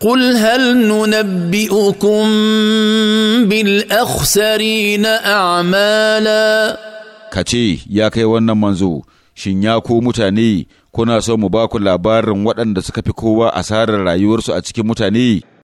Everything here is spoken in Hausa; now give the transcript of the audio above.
قل هل ننبئكم بالأخسرين أعمالا كتي يا كي wannan manzo shin ya ku mutane kuna so mu ba ku labarin waɗanda suka fi kowa asarar rayuwarsu a cikin mutane